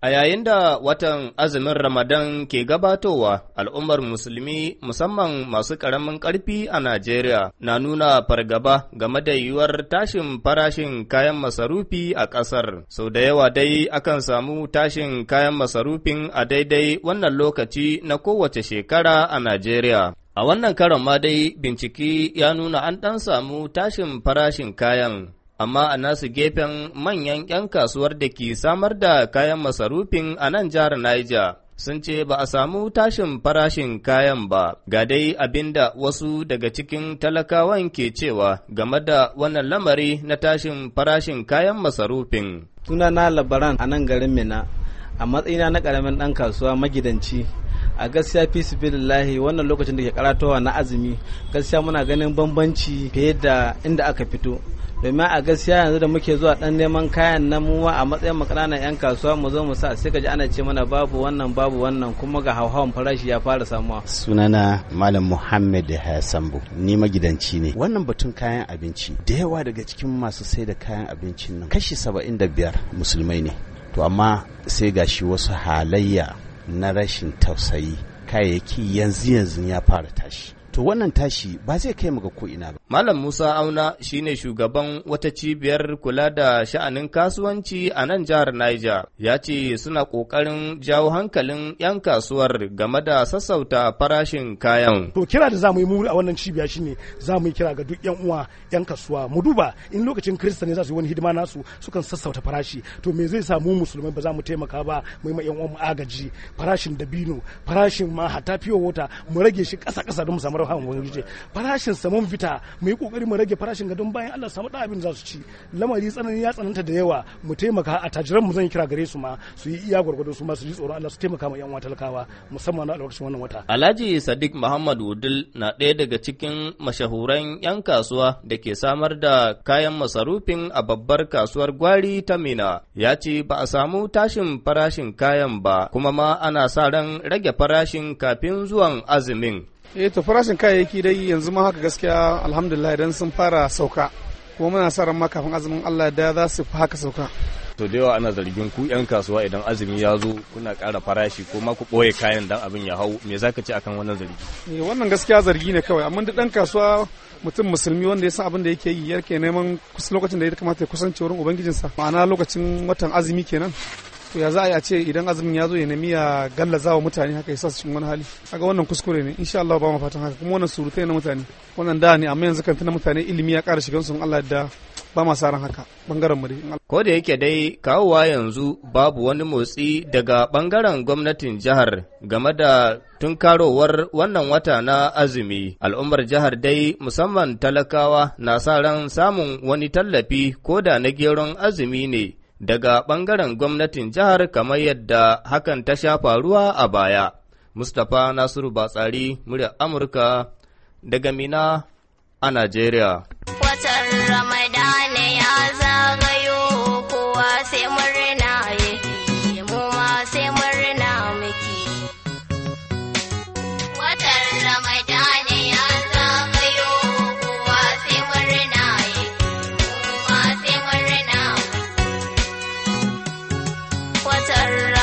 A yayin da watan azumin Ramadan ke gabatowa, al'ummar musulmi musamman masu ƙaramin ƙarfi a Najeriya na nuna fargaba game da yiwuwar tashin farashin kayan masarufi a ƙasar. Sau da yawa dai akan samu tashin kayan masarufin a daidai wannan lokaci na kowace shekara a Najeriya. A wannan karon ma dai bincike ya nuna an ɗan samu tashin farashin kayan. amma a nasu gefen manyan 'yan kasuwar da ke samar da kayan masarufin a nan jihar Niger. Sun ce ba a samu tashin farashin kayan ba, ga dai abin da wasu daga cikin talakawan ke cewa game da wannan lamari na tashin farashin kayan masarufin. na labaran a nan garin Mina, a matsayina na ƙaramin ɗan kasuwa magidanci a gaskiya fi su wannan lokacin da ke karatowa na azumi gaskiya muna ganin bambanci fiye da inda aka fito domin a gaskiya yanzu da muke zuwa dan neman kayan na muwa a matsayin mu kananan yan kasuwa mu zo mu sa sai kaji ana ce mana babu wannan babu wannan kuma ga hauhawan farashi ya fara samuwa sunana malam muhammad sambo ni magidanci ne wannan batun kayan abinci da yawa daga cikin masu sai da kayan abincin nan kashi biyar musulmai ne to amma sai gashi wasu halayya na rashin tausayi kayayyaki yanzu yanzu ya fara tashi to wannan tashi ba zai kai mu ga ko'ina ba. Malam Musa Auna shine shugaban wata cibiyar kula da sha'anin kasuwanci a nan jihar Niger ya ce suna ƙoƙarin jawo hankalin 'yan kasuwar game da sassauta farashin kayan. To kira da zamu yi muri a wannan cibiya shine zamu yi kira ga duk 'yan uwa 'yan kasuwa mu duba in lokacin Kirista ne za su yi wani hidima nasu sukan sassauta farashi to me zai sa mu musulmai ba za mu taimaka ba mu yi ma 'yan uwan mu agaji farashin dabino farashin ma hatta fiyo wota mu rage shi ƙasa-ƙasa don mu samu rahan ubangiji farashin sa mun fita mu yi kokari mu rage farashin ga don bayan Allah samu da abin za su ci lamari tsanani ya tsananta da yawa mu taimaka a tajiran mu zan kira gare su ma su yi iya gwargwado su ma su ji tsoro Allah su taimaka ma yan talakawa musamman na lokacin wannan wata Alhaji Sadiq Muhammad Wudul na ɗaya daga cikin mashahuran yan kasuwa da ke samar da kayan masarufin a babbar kasuwar gwari ta Mina ya ce ba a samu tashin farashin kayan ba kuma ma ana sa ran rage farashin kafin zuwan azumin eh to farashin kayayyaki dai yanzu ma haka gaskiya alhamdulillah idan sun fara sauka kuma muna sa ran ma kafin azumin Allah da za su fi haka sauka to da yawa ana zargin ku yan kasuwa idan azumi ya zo kuna kara farashi ko ma ku ɓoye kayan dan abin ya hau me zaka ci akan wannan zargi eh wannan gaskiya zargi ne kawai amma duk dan kasuwa mutum musulmi wanda ya san abin da yake yi yake neman lokacin da ya kamata ya kusance wurin ubangijinsa ma'ana lokacin watan azumi kenan to ya za a yi a ce idan azumin ya zo ya nemi ya gallaza wa mutane haka ya sa su cikin wani hali kaga wannan kuskure ne insha Allah ba mu fatan haka kuma wannan surutai na mutane wannan da ne amma yanzu kan na mutane ilimi ya ƙara shigan su Allah da ba ma saran haka bangaren mu dai ko da yake dai kawowa yanzu babu wani motsi daga bangaren gwamnatin jihar game da tunkarowar wannan wata na azumi al'ummar jihar dai musamman talakawa na sa ran samun wani tallafi ko da na geron azumi ne daga ɓangaren gwamnatin jihar kamar yadda hakan ta sha faruwa a baya. Mustapha Nasiru Batsari, muryar Amurka, daga Mina a Najeriya. Watan Ramadan 的人。